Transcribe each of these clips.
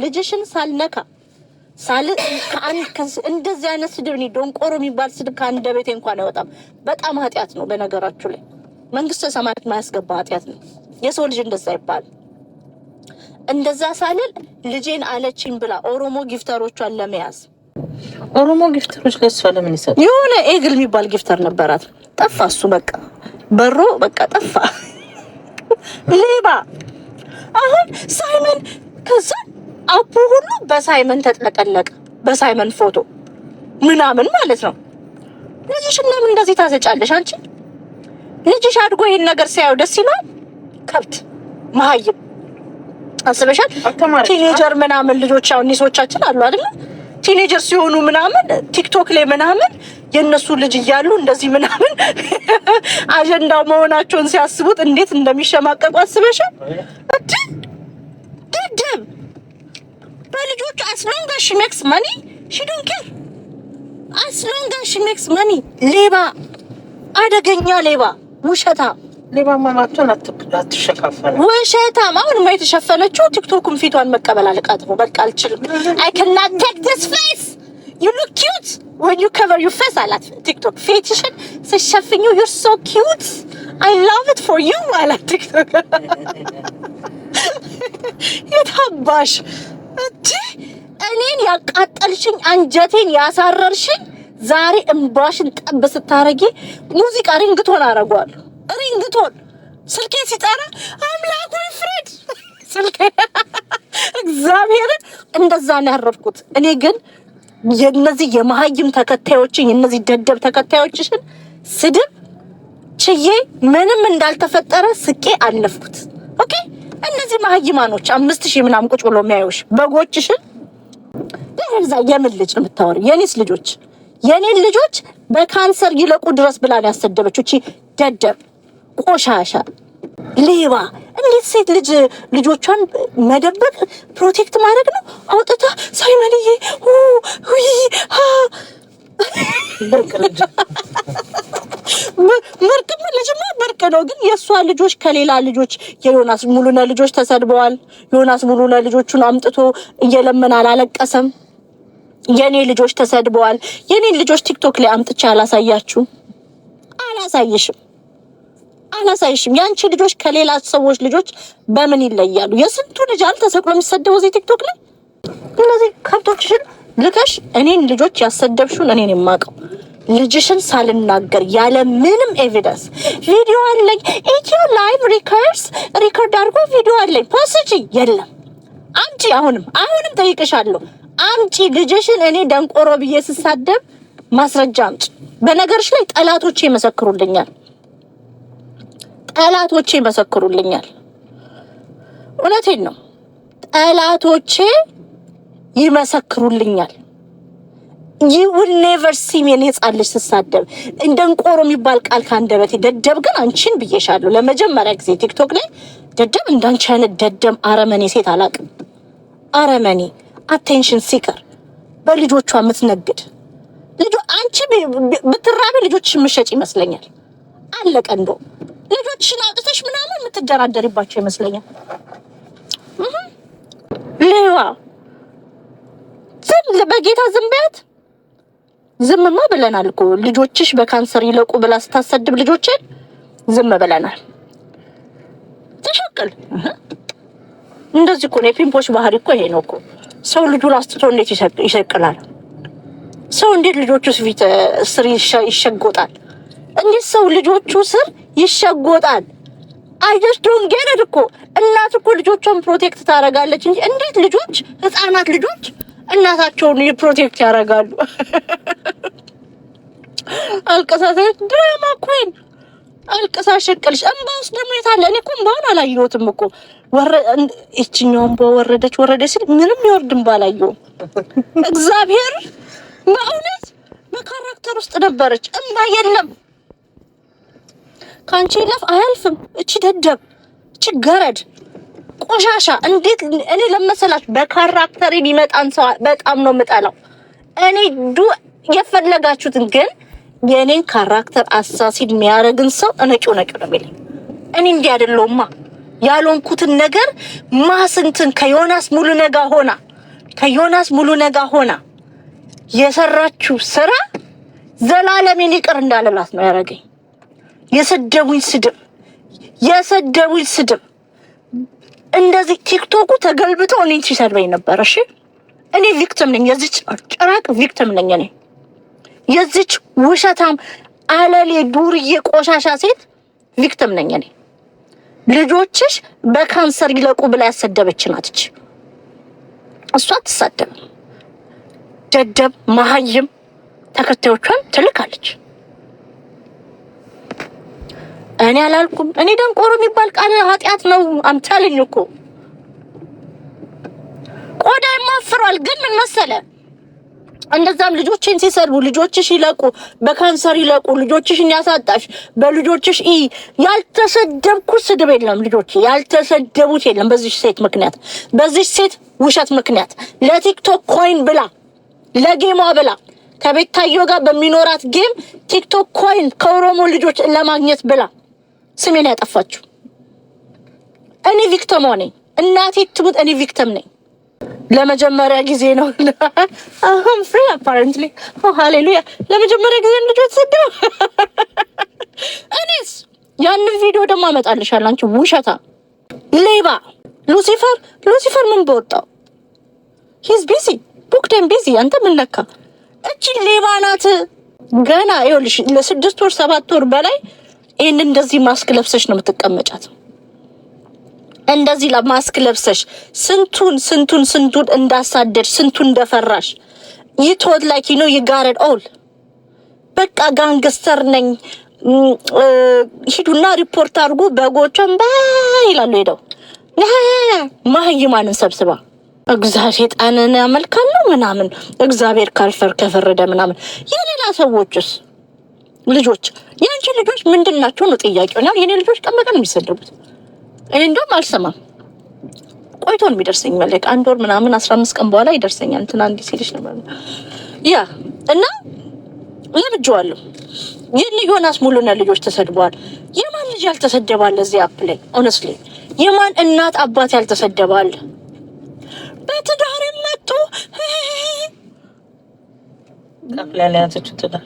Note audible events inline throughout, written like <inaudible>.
ልጅሽን ሳልነካ ሳል እንደዚህ አይነት ስድብ እኔ ዶንቆሮ የሚባል ስድብ ቤቴ እንኳን አይወጣም። በጣም ኃጢአት ነው። በነገራችሁ ላይ መንግስተ ሰማያት ማያስገባ ኃጢአት ነው። የሰው ልጅ እንደዛ ይባል እንደዛ ሳልል ልጄን አለችኝ ብላ ኦሮሞ ጊፍተሮቿን ለመያዝ ኦሮሞ ጊፍተሮች ለእሷ ለምን ይሰጥ የሆነ ኤግል የሚባል ጊፍተር ነበራት። ጠፋ እሱ በቃ በሮ በቃ ጠፋ። ሌባ አሁን ሳይመን ከዛ አፑ ሁሉ በሳይመን ተጥለቀለቀ። በሳይመን ፎቶ ምናምን ማለት ነው። ልጅሽ ለምን እንደዚህ ታዘጫለሽ አንቺ? ልጅሽ አድጎ ይሄን ነገር ሲያዩ ደስ ይላል። ከብት መሀይም አስበሻል። ቲኔጀር ምናምን ልጆች አሁን ኒሶቻችን አሉ አይደል? ቲኔጀር ሲሆኑ ምናምን ቲክቶክ ላይ ምናምን የእነሱ ልጅ እያሉ እንደዚህ ምናምን <laughs> አጀንዳው መሆናቸውን ሲያስቡት እንዴት እንደሚሸማቀቁ አስበሻል። በልጆቹ አስሎንግ ዳት ሺ ሜክስ መኒ ሺ ዶንት ኬር አስሎንግ ዳት ሺ ሜክስ መኒ። ሌባ፣ አደገኛ ሌባ፣ ውሸታ ሌባ ማማቸውን አትሸፋፈነ ውሸታም። አሁንማ የተሸፈነችው ቲክቶክም ፊቷን መቀበል አልቃት ነው። በቃ አልችልም። አይ ከናት ቴክ ዲስ ፌስ ዩ ሉክ ኪዩት ወን ዩ ከቨር ዩ ፌስ አላት ቲክቶክ። ፌቲሽን ስሸፍኙ ዩ ሶ ኪዩት አይ ላቭ ኢት ፎር ዩ አላት ቲክቶክ። የታባሽ እኔን ያቃጠልሽኝ አንጀቴን ያሳረርሽኝ ዛሬ እምባሽን ጠብ ስታረጊ ሙዚቃ ሪንግቶን አረጓለሁ። ሪንግቶን ስልኬ ሲጠራ አምላኩ ይፍረድ ስልኬ <laughs> እግዚአብሔርን እንደዛ ነው ያረፍኩት። እኔ ግን የነዚህ የመሀይም ተከታዮችን የነዚህ ደደብ ተከታዮችሽን ስድብ ችዬ ምንም እንዳልተፈጠረ ስቄ አለፍኩት። ኦኬ እነዚህ መሀይማኖች አምስት ሺህ ምናምን ቁጭ ብሎ የሚያዩሽ በጎችሽን ለዛ የምን ልጅ ነው የምታወሪ? የኔስ ልጆች የኔን ልጆች በካንሰር ይለቁ ድረስ ብላ ያሰደበች ያሰደበችው። እቺ ደደብ ቆሻሻ ሌባ እንዴት ሴት ልጅ ልጆቿን መደበቅ ፕሮቴክት ማድረግ ነው? አውጥታ ሳይመልዬ ብርቅም ልጅማ ብርቅ ነው፣ ግን የእሷ ልጆች ከሌላ ልጆች የዮናስ ሙሉነ ልጆች ተሰድበዋል። ዮናስ ሙሉነ ልጆቹን አምጥቶ እየለመን አላለቀሰም። የኔ ልጆች ተሰድበዋል። የኔን ልጆች ቲክቶክ ላይ አምጥቼ አላሳያችሁ አላሳይሽም፣ አላሳይሽም። የአንቺ ልጆች ከሌላ ሰዎች ልጆች በምን ይለያሉ? የስንቱ ልጅ አልተሰቅሎ የሚሰደበው እዚህ ቲክቶክ ላይ እነዚህ ከብቶችሽን ልከሽ እኔን ልጆች ያሰደብሽውን እኔን የማውቀው ልጅሽን ሳልናገር ያለ ምንም ኤቪደንስ ቪዲዮ አለኝ። ኢትዮ ላይቭ ሪከርስ ሪከርድ አድርጎ ቪዲዮ አለኝ ፖስጂ የለም አምጪ። አሁንም አሁንም ጠይቅሻለሁ አምጪ ልጅሽን። እኔ ደንቆሮ ብዬ ስሳደብ ማስረጃ አምጪ። በነገርሽ ላይ ጠላቶቼ ይመሰክሩልኛል፣ ጠላቶቼ ይመሰክሩልኛል። እውነቴን ነው ጠላቶቼ ይመሰክሩልኛል። ዩ ዊል ኔቨር ሲ ሚ ሕፃን ልጅ ስሳደብ እንደንቆሮ የሚባል ቃል ከአንደበቴ። ደደብ ግን አንቺን ብዬሻለሁ። ለመጀመሪያ ጊዜ ቲክቶክ ላይ ደደብ እንዳንቺ አይነት ደደም አረመኔ ሴት አላቅም። አረመኔ አቴንሽን ሲከር በልጆቿ የምትነግድ ልጆ አንቺ ብትራቢ ልጆችሽ ምሸጭ ይመስለኛል። አለቀ። እንዶ ልጆችሽን አውጥተሽ ምናምን የምትደራደሪባቸው ይመስለኛል ሌዋ በጌታ ዝም በያት። ዝምማ ብለናል እኮ ልጆችሽ በካንሰር ይለቁ ብላ ስታሰድብ ልጆችን ዝም ብለናል። ተሸቅል እንደዚህ እኮ ነው የፒምፖች ባህሪ እኮ ይሄ ነው እኮ። ሰው ልጁን አስትቶ እንዴት ይሸቅላል? ሰው እንዴት ልጆቹ ፊት ስር ይሸጎጣል? እንዴት ሰው ልጆቹ ስር ይሸጎጣል? አይደስ ዶን እኮ እናት እኮ ልጆቿን ፕሮቴክት ታደርጋለች እንጂ እንዴት ልጆች ህፃናት ልጆች እናታቸውን የፕሮቴክት ያደርጋሉ። አልቀሳት ድራማ ኩን አልቅሳ ሸቀልሽ። እንባውስ ደግሞ የታለ? እኔ እኮ እንባውን አላየሁትም እኮ ወረ ይችኛውን በወረደች ወረደች ሲል ምንም ይወርድ እንባ አላየሁም። እግዚአብሔር በእውነት በካራክተር ውስጥ ነበረች። እንባ የለም ከአንቺ ለፍ አያልፍም። እቺ ደደብ፣ እቺ ገረድ ቆሻሻ እንዴት እኔ ለመሰላችሁ በካራክተር የሚመጣን ሰው በጣም ነው የምጠላው። እኔ ዱ የፈለጋችሁትን ግን የእኔን ካራክተር አሳሲድ የሚያደርግን ሰው እነቂው ነቂው ነው የሚለኝ። እኔ እንዲህ አይደለሁማ ያልሆንኩትን ነገር ማስንትን ከዮናስ ሙሉ ነጋ ሆና ከዮናስ ሙሉ ነጋ ሆና የሰራችው ስራ ዘላለሜን ይቅር እንዳለላት ነው ያደረገኝ። የሰደቡኝ ስድብ የሰደቡኝ ስድብ እንደዚህ ቲክቶኩ ተገልብጦ እኔን ሲሰርበኝ ነበር። እሺ እኔ ቪክትም ነኝ፣ የዚች ጭራቅ ቪክትም ነኝ። እኔ የዚች ውሸታም አለሌ ዱርዬ ቆሻሻ ሴት ቪክቲም ነኝ። እኔ ልጆችሽ በካንሰር ይለቁ ብላ ያሰደበች ናትች። እሷ አትሳደብም፣ ደደብ መሀይም ተከታዮቿን ትልካለች። እኔ አላልኩም። እኔ ደንቆሮ የሚባል ቃል ኃጢአት ነው አምታልኝ እኮ ቆዳ ይማፍሯል። ግን ምን መሰለ እንደዛም ልጆችን ሲሰድቡ ልጆችሽ ይለቁ፣ በካንሰር ይለቁ፣ ልጆችሽን ያሳጣሽ በልጆችሽ ኢ ስድብ የለም። ልጆች ያልተሰደቡት የለም። በዚች ሴት ምክንያት በዚች ሴት ውሸት ምክንያት ለቲክቶክ ኮይን ብላ ለጌሟ ብላ ታየው ጋር በሚኖራት ጌም ቲክቶክ ኮይን ከኦሮሞ ልጆች ለማግኘት ብላ ስሜን ያጠፋችሁ እኔ ቪክተም ነኝ። እናቴ ትሙት እኔ ቪክተም ነኝ። ለመጀመሪያ ጊዜ ነው አሁን ፍሪ አፓረንትሊ ሃሌሉያ። ለመጀመሪያ ጊዜ ልጅ ተሰደው። እኔስ ያንን ቪዲዮ ደግሞ አመጣልሻለሁ። አንቺ ውሸታ፣ ሌባ፣ ሉሲፈር ሉሲፈር ምን በወጣው ሂዝ ቢዚ ቡክ ቢዚ። አንተ ምን ነካ? እቺ ሌባ ናት። ገና ይኸውልሽ ለስድስት ወር ሰባት ወር በላይ ይህን እንደዚህ ማስክ ለብሰሽ ነው የምትቀመጫት። እንደዚህ ማስክ ለብሰሽ ስንቱን ስንቱን ስንቱን እንዳሳደድ ስንቱን እንደፈራሽ ይቶት ላይክ ኖ ይጋረድ ኦል በቃ ጋንግስተር ነኝ ሂዱና ሪፖርት አድርጉ። በጎቿን በ ይላሉ ሄደው ማህይማንን ሰብስባ እግዚአብሔር ጣንን ያመልካል ነው ምናምን እግዚአብሔር ካልፈር ከፈረደ ምናምን የሌላ ሰዎችስ ልጆች የአንቺ ልጆች ምንድን ናቸው ነው ጥያቄው። ያ የኔ ልጆች ቀን በቀን የሚሰደቡት እኔ እንደውም አልሰማም። ቆይቶ ነው የሚደርሰኝ፣ መለቅ አንድ ወር ምናምን አስራ አምስት ቀን በኋላ ይደርሰኛል። እንትን አንድ ሲልሽ ነበር ያ እና ለብጀዋለሁ። የእነ ዮናስ ሙሉና ልጆች ተሰድበዋል። የማን ልጅ ያልተሰደባለ እዚህ አፕ ላይ ኦነስትሊ፣ የማን እናት አባት ያልተሰደባለ በትዳር መጡ ከፍላ ላይ ትዳር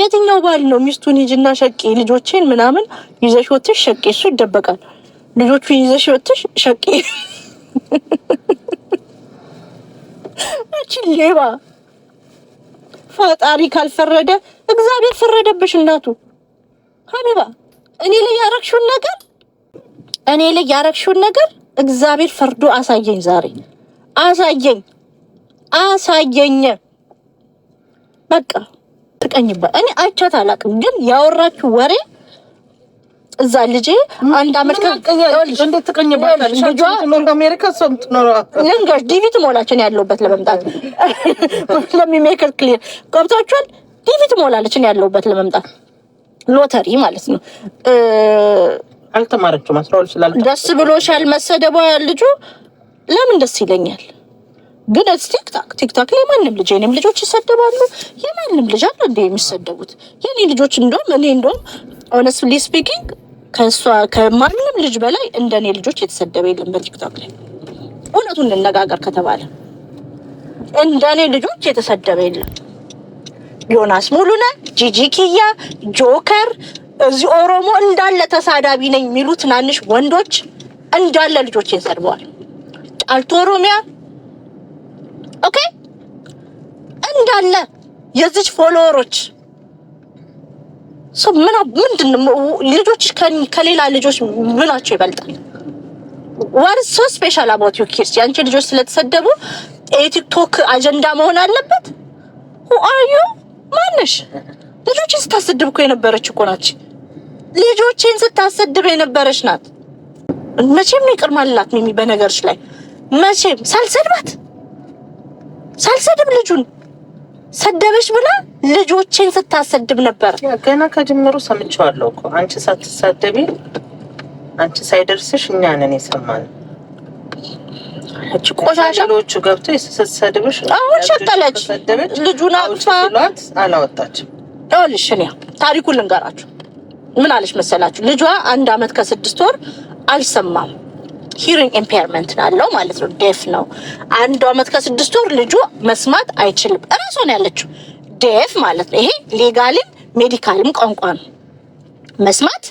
የትኛው ባል ነው ሚስቱን ይጅና ሸቂ ልጆችን ምናምን ይዘሽ ወጥሽ ሸቂ፣ እሱ ይደበቃል። ልጆቹ ይዘሽ ወጥሽ ሸቂ። እቺ ሌባ ፈጣሪ ካልፈረደ እግዚአብሔር ፈረደብሽ እናቱ ሀቢባ እኔ ላይ ያረግሽውን ነገር እኔ ላይ ያረግሽውን ነገር እግዚአብሔር ፈርዶ አሳየኝ፣ ዛሬ አሳየኝ። አሳየኝ። በቃ ትቀኝበት። እኔ አይቻት አላውቅም፣ ግን ያወራችሁ ወሬ እዛ ልጅ አንድ አመት ከእንደት ዲቪ ትሞላች። እኔ ያለሁበት ለመምጣት <laughs> ለሚሜክር ክሊር ገብታችኋል። ዲቪ ትሞላለች። እኔ ያለሁበት ለመምጣት ሎተሪ ማለት ነው። አልተማረችው አልተማረችም። ደስ ብሎሻል መሰደቧ ልጁ ለምን ደስ ይለኛል? ግን ቲክታክ ቲክታክ ላይ ማንም ልጅ የኔም ልጆች ይሰደባሉ። የማንም ልጅ አለ እንደ የሚሰደቡት የኔ ልጆች እንደም እኔ እንደም ኦነስትሊ ስፒኪንግ ከእሷ ከማንም ልጅ በላይ እንደኔ ልጆች የተሰደበ የለም በቲክታክ ላይ እውነቱን እንነጋገር ከተባለ እንደኔ ልጆች የተሰደበ የለም። ዮናስ ሙሉነ፣ ጂጂ ኪያ፣ ጆከር እዚህ ኦሮሞ እንዳለ ተሳዳቢ ነኝ የሚሉ ትናንሽ ወንዶች እንዳለ ልጆችን ሰድበዋል። ጫልቱ ኦሮሚያ ኦኬ እንዳለ የዚች ፎሎወሮች ሰው ምን ምንድን ልጆች ከሌላ ልጆች ምናቸው ይበልጣል? ዋር ሶ ስፔሻል አባውት ዩ ኪድስ? ያንቺ ልጆች ስለተሰደቡ የቲክቶክ አጀንዳ መሆን አለበት? ሁ አር ዩ ማነሽ? ልጆችን ስታሰድብ እኮ የነበረች እኮ ናች። ልጆችን ስታሰድብ የነበረች ናት። መቼም ይቅር ማልላት ሚሚ በነገርሽ ላይ መቼም ሳልሰድባት ሳልሰድብ ልጁን ሰደበሽ ብላ ልጆችን ስታሰድብ ነበር። ገና ከጅምሩ ሰምቼዋለሁ እኮ አንቺ ሳትሳደቢ አንቺ ሳይደርስሽ እኛ ነን የሰማን። እቺ ቆሻሻ ልጆቹ ገብተው ስትሰድብሽ አሁን ሸቀለች። ልጁን አውጥታ አላወጣችም። ይኸውልሽ እኔ ታሪኩን ልንገራችሁ። ምን አለች መሰላችሁ? ልጇ አንድ አመት ከስድስት ወር አልሰማም ሂሪንግ ኢምፔርመንት አለው ማለት ነው። ዴፍ ነው። አንድ አመት ከስድስት ወር ልጁ መስማት አይችልም። እራሷ ነው ያለችው ዴፍ ማለት ነው። ይሄ ሌጋልም ሜዲካልም ቋንቋ ነው። መስማት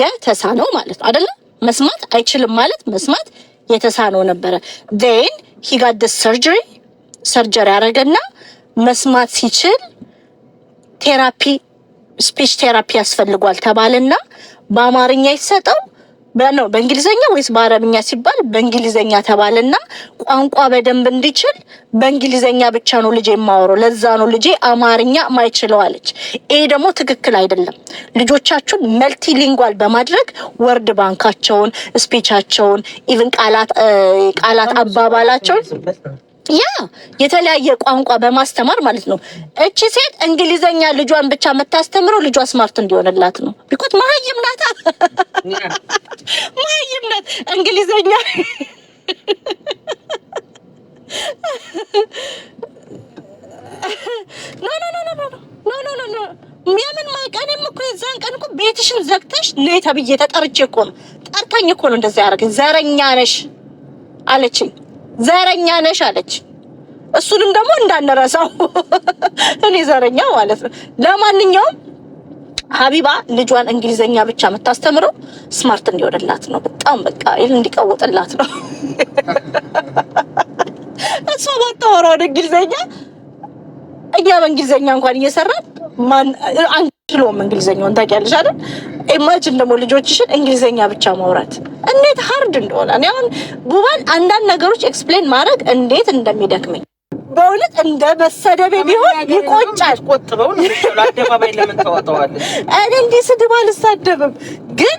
የተሳነው ማለት ነው አይደለም። መስማት አይችልም ማለት መስማት የተሳነው ነበረ። ዜን ሂጋደ ሰርጀሪ ሰርጀሪ ያደረገና መስማት ሲችል ቴራፒ ስፒች ቴራፒ ያስፈልጓል ተባለና በአማርኛ ይሰጠው ነው በእንግሊዘኛ ወይስ በአረብኛ ሲባል በእንግሊዘኛ ተባለና ቋንቋ በደንብ እንዲችል በእንግሊዘኛ ብቻ ነው ልጄ የማወራው፣ ለዛ ነው ልጄ አማርኛ ማይችለው አለች። ይሄ ደግሞ ትክክል አይደለም። ልጆቻችሁን መልቲሊንጓል በማድረግ ወርድ ባንካቸውን፣ ስፒቻቸውን፣ ኢቭን ቃላት አባባላቸውን ያ የተለያየ ቋንቋ በማስተማር ማለት ነው። እቺ ሴት እንግሊዘኛ ልጇን ብቻ የምታስተምረው ልጇ ስማርት እንዲሆንላት ነው። ቢኮት መሀይም ናት፣ መሀይም ናት። እንግሊዘኛ ኖ ኖ ኖ ኖ ኖ ኖ ኖ የምን ማቀኔም እኮ የዛን ቀን እኮ ቤትሽን ዘግተሽ ነይ ተብዬ ተጠርቼ እኮ ነው። ጠርታኝ እኮ ነው እንደዛ ያደረገኝ። ዘረኛ ነሽ አለችኝ። ዘረኛ ነሽ አለች። እሱንም ደግሞ እንዳንረሳው <laughs> እኔ ዘረኛ ማለት ነው። ለማንኛውም ሀቢባ ልጇን እንግሊዘኛ ብቻ የምታስተምረው ስማርት እንዲሆንላት ነው። በጣም በቃ ይህን እንዲቀውጥላት ነው። <laughs> እሷ ባታወራውን እንግሊዘኛ እኛ በእንግሊዘኛ እንኳን እየሰራን ማን አንችሎም እንግሊዘኛውን ታውቂያለሽ አይደል? ኢማጅን ደግሞ ልጆችሽን እንግሊዝኛ ብቻ ማውራት እንዴት ሀርድ እንደሆነ እኔ አሁን ቡባን አንዳንድ ነገሮች ኤክስፕሌን ማድረግ እንዴት እንደሚደክመኝ በእውነት እንደ መሰደቤ ቢሆን ይቆጫል። ቆጥበው አደባባይ ለምን ታወጣዋለች? እኔ እንዲህ ስድብ አልሳደብም፣ ግን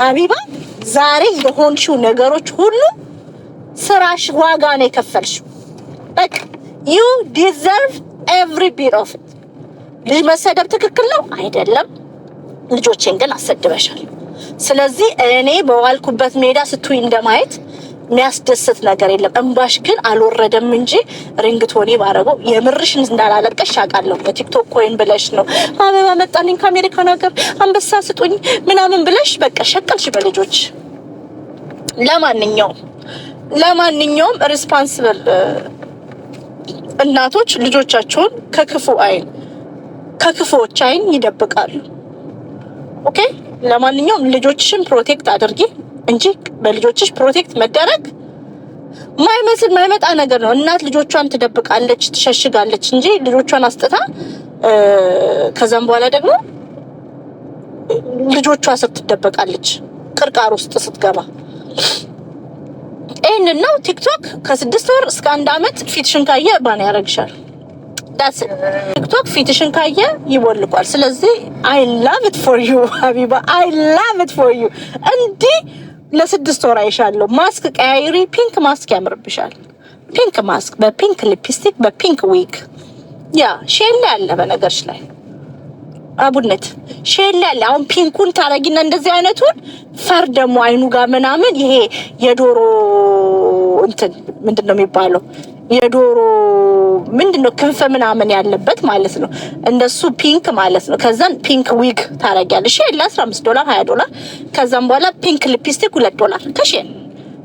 ሀቢባ ዛሬ የሆንሽው ነገሮች ሁሉ ስራሽ ዋጋ ነው የከፈልሽው። በቃ ዩ ዲዘርቭ ኤቭሪ ቢት ኦፍ ልጅ መሰደብ ትክክል ነው አይደለም ልጆቼን ግን አሰድበሻል። ስለዚህ እኔ በዋልኩበት ሜዳ ስትይ እንደማየት የሚያስደስት ነገር የለም። እንባሽ ግን አልወረደም እንጂ ሪንግቶኔ ባረገው የምርሽ እንዳላለቀሽ አውቃለሁ። በቲክቶክ ኮይን ብለሽ ነው አበባ መጣልኝ ከአሜሪካን ሀገር አንበሳ ስጡኝ ምናምን ብለሽ በቃ ሸቀልሽ በልጆች። ለማንኛውም ለማንኛውም ሪስፓንስብል እናቶች ልጆቻቸውን ከክፉ አይን ከክፉዎች አይን ይደብቃሉ። ኦኬ። ለማንኛውም ልጆችሽን ፕሮቴክት አድርጊ እንጂ በልጆችሽ ፕሮቴክት መደረግ ማይመስል ማይመጣ ነገር ነው። እናት ልጆቿን ትደብቃለች፣ ትሸሽጋለች እንጂ ልጆቿን አስጥታ ከዛም በኋላ ደግሞ ልጆቿ ስር ትደበቃለች ቅርቃር ውስጥ ስትገባ። ይህን ነው ቲክቶክ ከስድስት ወር እስከ አንድ አመት ፊትሽን ካየ ባን ያደርግሻል ዳስ ቲክቶክ ፊትሽን ካየ ይቦልቋል። ስለዚህ አይ ላቭ ኢት ፎር ዩ ሀቢባ፣ አይ ላቭ ኢት ፎር ዩ። እንዲህ ለስድስት ወር አይሻለሁ። ማስክ ቀያይሪ፣ ፒንክ ማስክ ያምርብሻል። ፒንክ ማስክ በፒንክ ሊፕስቲክ በፒንክ ዊግ ያ ሼል ያለ በነገርሽ ላይ አቡነት ሼል ያለ አሁን ፒንኩን ታረጊና እንደዚህ አይነቱን ፈር ደግሞ አይኑ ጋር ምናምን ይሄ የዶሮ እንትን ምንድን ነው የሚባለው የዶሮ ምንድን ነው ክንፍ ምናምን ያለበት ማለት ነው። እንደሱ ፒንክ ማለት ነው። ከዛን ፒንክ ዊግ ታረጊያለሽ። ለ 15 ዶላር 20 ዶላር። ከዛም በኋላ ፒንክ ሊፕስቲክ 2 ዶላር ከሽ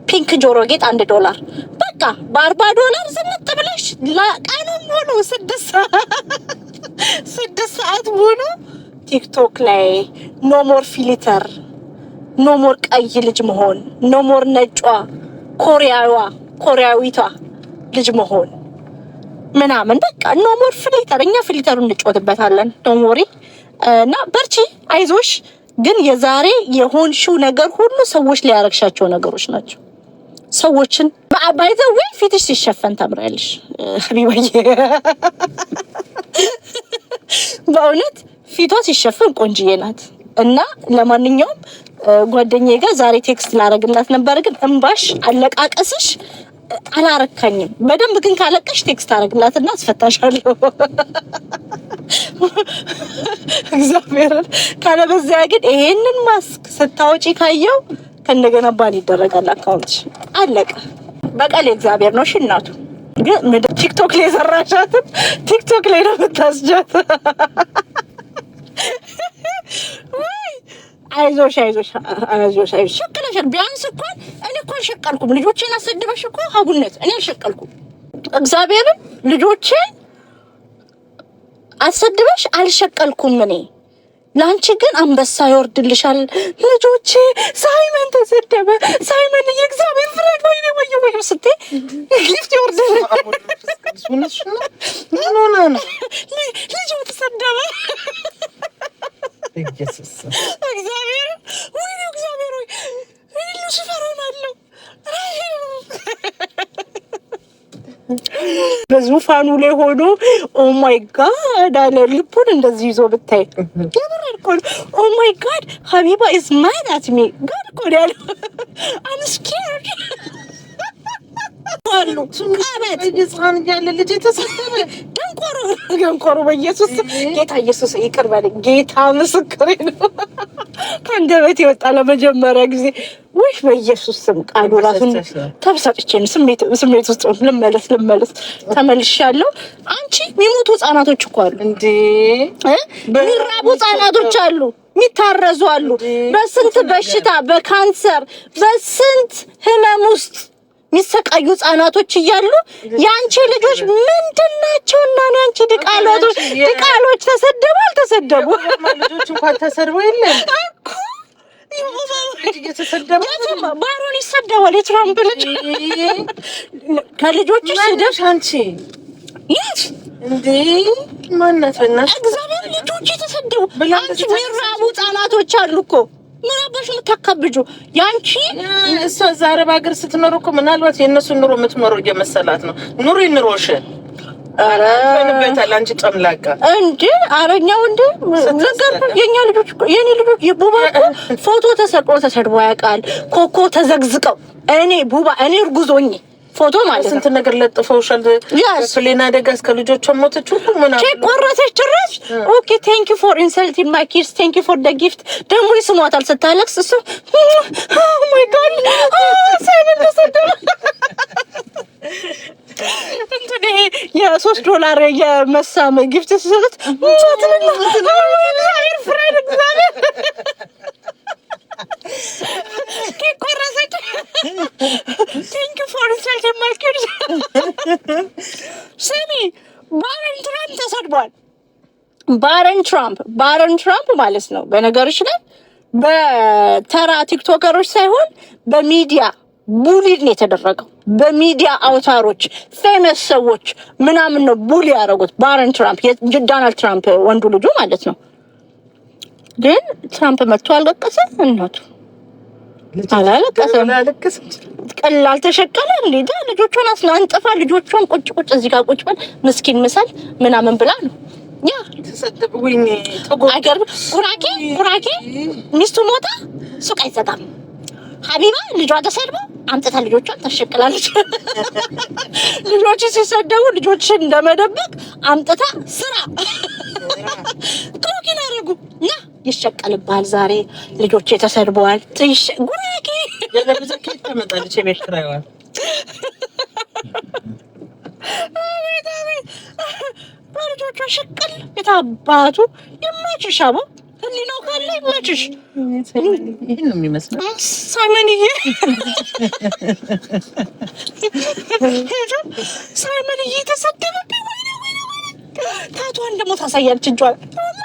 ፒንክ ጆሮ ጌጥ አንድ ዶላር በቃ በአርባ ዶላር ዝንጥ ብለሽ ቀኑን ሙሉ ስድስት ሰዓት ሙሉ ቲክቶክ ላይ ኖሞር ፊሊተር ኖሞር ቀይ ልጅ መሆን ኖሞር ነጯ ኮሪያዋ ኮሪያዊቷ ልጅ መሆን ምናምን በቃ ኖሞር ሞር ፍሊተር፣ እኛ ፍሊተሩ እንጫወትበታለን። ኖ ሞሪ እና በርቺ፣ አይዞሽ። ግን የዛሬ የሆንሽው ነገር ሁሉ ሰዎች ሊያረግሻቸው ነገሮች ናቸው። ሰዎችን ባይዘ ወይ ፊትሽ ሲሸፈን ታምራለሽ ሀቢባዬ፣ በእውነት ፊቷ ሲሸፈን ቆንጅዬ ናት። እና ለማንኛውም ጓደኛዬ ጋር ዛሬ ቴክስት ላረግላት ነበር፣ ግን እምባሽ አለቃቀስሽ አላረካኝም። በደንብ ግን ካለቀሽ ቴክስት አረግላት አረግላትና አስፈታሻለሁ። እግዚአብሔርን ካለበዚያ ግን ይሄንን ማስክ ስታወጪ ካየው ከእንደገና ባን ይደረጋል አካውንት አለቀ። በቀል እግዚአብሔር ነው። ሽናቱ ግን ቲክቶክ ላይ የሰራሻትን ቲክቶክ ላይ ነው የምታስጃት። አይዞሽ አይዞሽ አይዞሽ አይዞሽ ሸቀለሻል። ቢያንስ እኮ እኔ እኮ አልሸቀልኩም። ልጆቼን አሰድበሽ እኮ አቡነት እኔ አልሸቀልኩም። እግዚአብሔርን ልጆቼን አሰድበሽ አልሸቀልኩም እኔ ለአንቺ ግን አንበሳ ይወርድልሻል። ልጆቼ ሳይመን ተሰደበ፣ ሳይመን የእግዚአብሔር ፍራግ ወይ ወይ ወይ ስቴ ሊፍት ይወርድል ልጁ ተሰደበ በዙፋኑ ላይ ሆኖ ኦማይ ጋድ አለ። ልቡን እንደዚህ ይዞ ብታይ ገብር ኦማይ ጋድ ሀቢባ ኢዝ ማድ አት ሚ ጋድ እኮ ነው <laughs> አም ስኬርድ አሉ ህፃን እያለ ልጅ የተሰደበ ደንቆሮ ደንቆሮ፣ በኢየሱስ ጌታ ኢየሱስ ይቅር በለኝ። ጌታ ምስክሬ ነው። ከአንደበት የወጣ ለመጀመሪያ ጊዜ በኢየሱስ ስም ቃሉ ስሜት ውስጥ ልመለስ ልመለስ ተመልሻለሁ። አንቺ የሚሞቱ ህጻናቶች እኮ አሉ፣ የሚራቡ ህጻናቶች አሉ፣ የሚታረዙ አሉ። በስንት በሽታ በካንሰር በስንት ህመም ውስጥ የሚሰቃዩ ህጻናቶች እያሉ የአንቺ ልጆች ምንድን ናቸው? እና ነው አንቺ ድቃሎች ድቃሎች ተሰደቡ አልተሰደቡ ልጆች እንኳን ተሰድቦ የለም ባሮን ይሰደባል። የትራምፕ ልጅ ከልጆች ስደብሽ አንቺ ይህ እንዴ ማናት በእናትሽ እግዚአብሔር ልጆች የተሰደቡ አንቺ የሚራቡ ህጻናቶች አሉ እኮ ምን አባሽ የምታካብጁ ያንቺ እሷ እዛ አረብ ሀገር ስትኖር እኮ ምናልባት የእነሱን ኑሮ የምትኖረው እየመሰላት ነው። ኑሪ ኑሮሽን አረንበታል አንቺ ጠምላቃ እንጂ አረኛው እንደ ነገርኩህ። የኛ ልጆች የኔ ልጆች የቡባ <laughs> ፎቶ ተሰቅሎ ተሰድቦ ያውቃል። ኮኮ ተዘግዝቀው እኔ ቡባ እኔ እርጉዞኝ ፎቶ ማለት ስንት ነገር ለጥፈውሻል። ፕሌን አደጋ እስከ ልጆቿ ሞተች ሁሉ ምናምን ኬክ ቆረሰች ጭራሽ። ኦኬ ቴንክ ዩ ፎር ኢንሰልት ማይ ኪድስ ቴንክ ዩ ፎር ደ ጊፍት። ደግሞ ይስሟታል ስታለቅስ እሱ oh ኦ ማይ ጋድ ኦ ሰይን ተሰደለ እንትን ይሄ የሶስት ዶላር የመሳመ ጊፍት ምን ሲሰጡት ሞትልና ስሚ ባረን ትራምፕ ተሰድቧል። ባረን ትራምፕ ባረን ትራምፕ ማለት ነው። በነገሮች ላይ በተራ ቲክቶከሮች ሳይሆን በሚዲያ ቡሊድ ነው የተደረገው። በሚዲያ አውታሮች ፌመስ ሰዎች ምናምን ነው ቡሊ ያደረጉት። ባረን ትራምፕ ዶናልድ ትራምፕ ወንዱ ልጁ ማለት ነው። ግን ትራምፕ መጥቶ አልቀቀሰ እናቱ ቀላል ተሸቀለ እንዴ ልጆቿን አስላንጥፋ ልጆቿን ቁጭ ቁጭ እዚህ ጋር ቁጭ በል ምስኪን ምሳል ምናምን ብላ ነው። ያ አይገርም። ጉራጌ ጉራጌ ሚስቱ ሞታ ሱቅ አይዘጋም። ሀቢባ ልጇ ተሰድባ አምጥታ ልጆቿን ታሸቅላለች። <laughs> ልጆች ሲሰደቡ ልጆችን እንደመደበቅ አምጥታ ስራ ይሸቀልብሃል። ዛሬ ልጆች ተሰድበዋል። ትሽ ጉራጌ ተመጣለች የቤት ኪራይዋል በልጆቿ ሽቅል የታባቱ አቦ ህሊናው ካለ ይመችሽ። ይህን የሚመስለው ሳይመንዬ ሳይመንዬ ተሰደበብኝ። ታቷን ደግሞ ታሳያለች